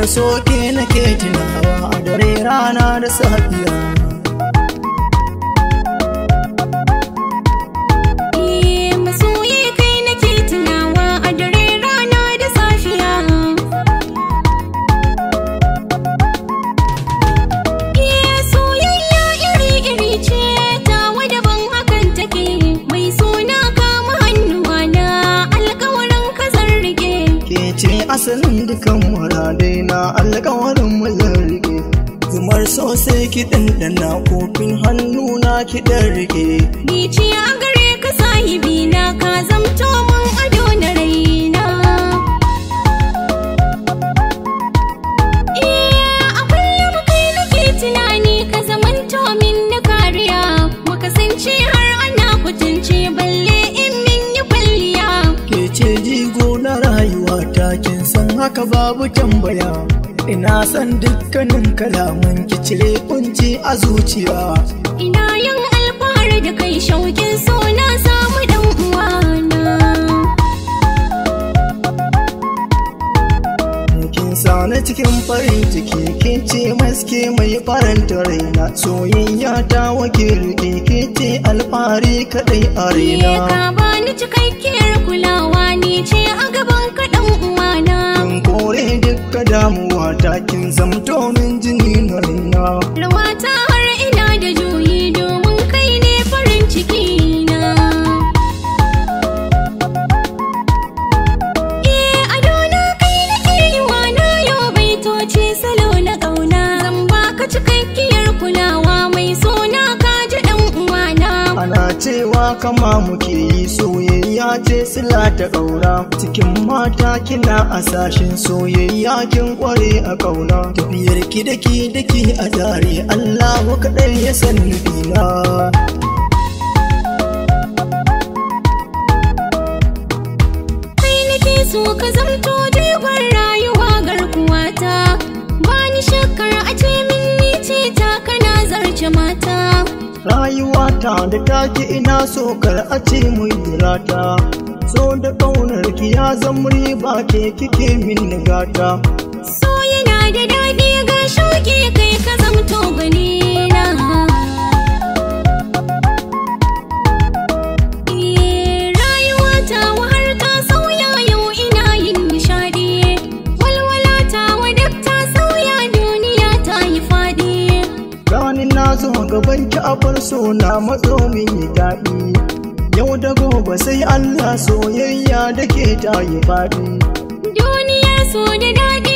kamar soke nake tunawa a dare rana da safiya sanin dukan muradai na alƙawarin mu zan rike zumar sosai ki ɗanɗana kofin hannu na ki riƙe. Ni ciya gare ka sahibi haka babu tambaya ina san dukkanin kalaman ki cire kunci a zuciya ina yin alfahari da kai shaukin so na samu dan uwana kin sani cikin farin ciki kin ce maske mai faranta raina soyayya ta wakilki kin ce alfahari kadai a raina ka bani cikakkiyar kulawa ni ce a gaban kaɗan kin zamto min jini na rina. Ruwata kama kama muke yi soyayya ce sila ta ƙaura cikin mata kina a sashin soyayya kin kware a ƙauna tafiyar ki daki daki a zare Allahu kaɗai ya san nufina. so ka zamto jigon rayuwa garkuwata ba ni shakkar a ce min ni ce ta kana zarce mata rayuwata da take ina so kar a ce mujirata so da ƙaunar ki ya zama riba ke kike min gata na zo gaban ki a bar so na matso min yi daɗi yau da gobe sai Allah soyayya da ke ta yi faɗi duniya so da daɗi